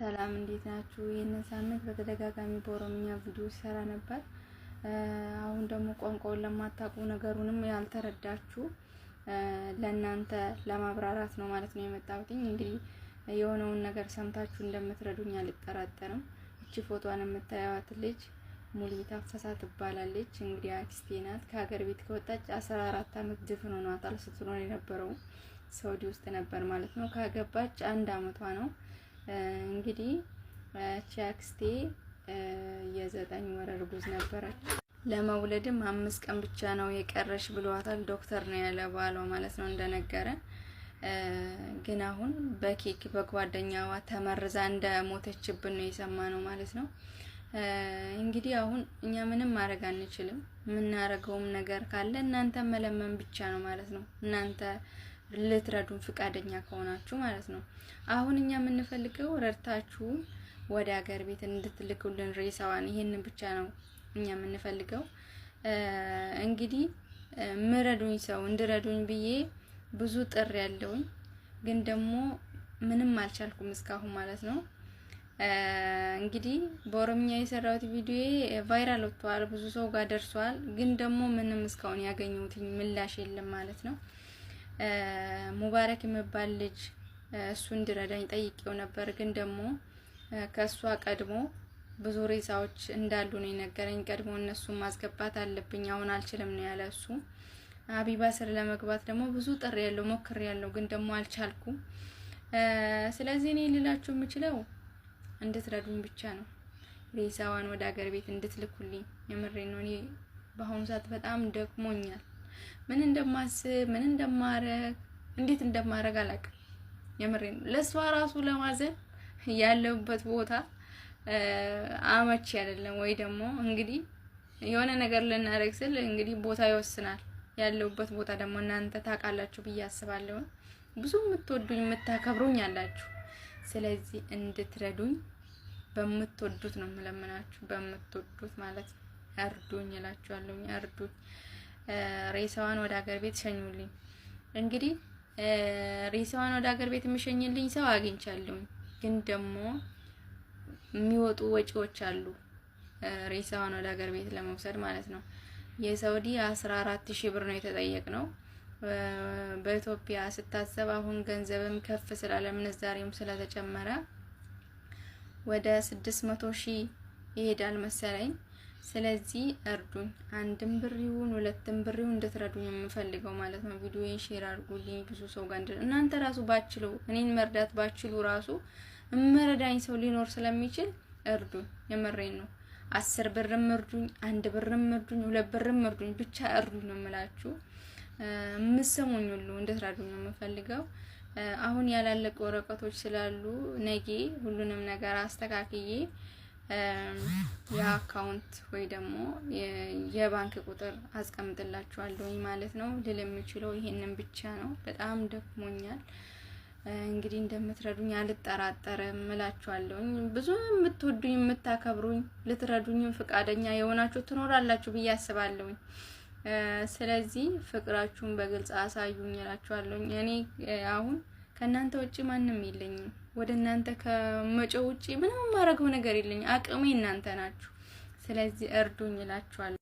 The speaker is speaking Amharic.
ሰላም እንዴት ናችሁ? ይህንን ሳምንት በተደጋጋሚ በኦሮምኛ ቪዲዮ ሰራ ነበር። አሁን ደግሞ ቋንቋውን ለማታውቁ ነገሩንም ያልተረዳችሁ ለእናንተ ለማብራራት ነው ማለት ነው የመጣሁትኝ። እንግዲህ የሆነውን ነገር ሰምታችሁ እንደምትረዱኝ አልጠራጠርም። እቺ ፎቶዋን የምታየዋት ልጅ ሙሉ ታፈሳ ትባላለች። እንግዲህ አክስቴ ናት። ከሀገር ቤት ከወጣች አስራ አራት አመት ድፍን ሆኗታል። ስትኖር የነበረው ሰውዲ ውስጥ ነበር ማለት ነው። ካገባች አንድ አመቷ ነው። እንግዲህ ቻክስቴ የዘጠኝ ወር እርጉዝ ነበረች። ለመውለድም አምስት ቀን ብቻ ነው የቀረሽ ብሏታል ዶክተር ነው ያለ ባሏ ማለት ነው እንደነገረን። ግን አሁን በኬክ በጓደኛዋ ተመርዛ እንደሞተችብን ነው የሰማ ነው ማለት ነው። እንግዲህ አሁን እኛ ምንም ማድረግ አንችልም። የምናደርገውም ነገር ካለ እናንተ መለመን ብቻ ነው ማለት ነው እናንተ ልትረዱን ፍቃደኛ ከሆናችሁ ማለት ነው። አሁን እኛ የምንፈልገው ረድታችሁ ወደ ሀገር ቤት እንድትልኩልን ሬሳዋን፣ ይሄንን ብቻ ነው እኛ የምንፈልገው። እንግዲህ ምረዱኝ ሰው እንድረዱኝ ብዬ ብዙ ጥር ያለውኝ ግን ደግሞ ምንም አልቻልኩም እስካሁን ማለት ነው። እንግዲህ በኦሮምኛ የሰራሁት ቪዲዮ ቫይራል ወጥቷል፣ ብዙ ሰው ጋር ደርሷል። ግን ደግሞ ምንም እስካሁን ያገኘሁት ምላሽ የለም ማለት ነው። ሙባረክ የሚባል ልጅ እሱ እንዲረዳኝ ጠይቄው ነበር። ግን ደግሞ ከእሷ ቀድሞ ብዙ ሬሳዎች እንዳሉ ነው የነገረኝ። ቀድሞ እነሱን ማስገባት አለብኝ፣ አሁን አልችልም ነው ያለ እሱ። ሀቢባ ስር ለመግባት ደግሞ ብዙ ጥሪ ያለው ሞክር ያለው ግን ደግሞ አልቻልኩም። ስለዚህ እኔ ልላችሁ የምችለው እንድትረዱኝ ብቻ ነው። ሬሳዋን ወደ ሀገር ቤት እንድትልኩልኝ የምሬ ነው። እኔ በአሁኑ ሰዓት በጣም ደክሞኛል። ምን እንደማስብ ምን እንደማረግ እንዴት እንደማረግ አላውቅም። የምሬ ነው። ለእሷ ራሱ ለማዘን ያለበት ቦታ አመቺ አይደለም። ወይ ደግሞ እንግዲህ የሆነ ነገር ልናደርግ ስል እንግዲህ ቦታ ይወስናል። ያለሁበት ቦታ ደግሞ እናንተ ታውቃላችሁ ብዬ አስባለሁ። ብዙ የምትወዱኝ የምታከብሩኝ አላችሁ። ስለዚህ እንድትረዱኝ በምትወዱት ነው የምለምናችሁ፣ በምትወዱት ማለት ነው። እርዱኝ እላችኋለሁ፣ እርዱኝ። ሬሳዋን ወደ ሀገር ቤት ሸኙልኝ። እንግዲህ ሬሳዋን ወደ ሀገር ቤት የሚሸኝልኝ ሰው አግኝቻለሁኝ። ግን ደግሞ የሚወጡ ወጪዎች አሉ፣ ሬሳዋን ወደ ሀገር ቤት ለመውሰድ ማለት ነው። የሳውዲ አስራ አራት ሺህ ብር ነው የተጠየቅ ነው። በኢትዮጵያ ስታሰብ አሁን ገንዘብም ከፍ ስላለ ምንዛሬም ስለተጨመረ ወደ ስድስት መቶ ሺህ ይሄዳል መሰለኝ። ስለዚህ እርዱኝ። አንድም ብር ይሁን ሁለትም ብር ይሁን እንድትረዱኝ የምፈልገው ማለት ነው። ቪዲዮዬን ሼር አድርጉልኝ ብዙ ሰው ጋር እንድ እናንተ ራሱ ባችሉ እኔን መርዳት ባችሉ ራሱ እምረዳኝ ሰው ሊኖር ስለሚችል እርዱኝ። የመሬን ነው። አስር ብርም እርዱኝ፣ አንድ ብርም እርዱኝ፣ ሁለት ብርም እርዱኝ፣ ብቻ እርዱኝ ነው የምላችሁ። የምሰሙኝ ሁሉ እንድትረዱኝ ነው የምፈልገው። አሁን ያላለቁ ወረቀቶች ስላሉ ነጌ ሁሉንም ነገር አስተካክዬ የአካውንት ወይ ደግሞ የባንክ ቁጥር አስቀምጥላችኋለሁኝ ማለት ነው። ልል የምችለው ይሄንን ብቻ ነው። በጣም ደክሞኛል። እንግዲህ እንደምትረዱኝ አልጠራጠርም እላችኋለሁኝ። ብዙ የምትወዱኝ የምታከብሩኝ፣ ልትረዱኝም ፈቃደኛ የሆናችሁ ትኖራላችሁ ብዬ አስባለሁኝ። ስለዚህ ፍቅራችሁን በግልጽ አሳዩኝ እላችኋለሁኝ። እኔ አሁን ከእናንተ ውጭ ማንም የለኝም። ወደ እናንተ ከመጮ ውጭ ምንም ማድረገው ነገር የለኝ። አቅሜ እናንተ ናችሁ። ስለዚህ እርዱኝ እላችኋለሁ።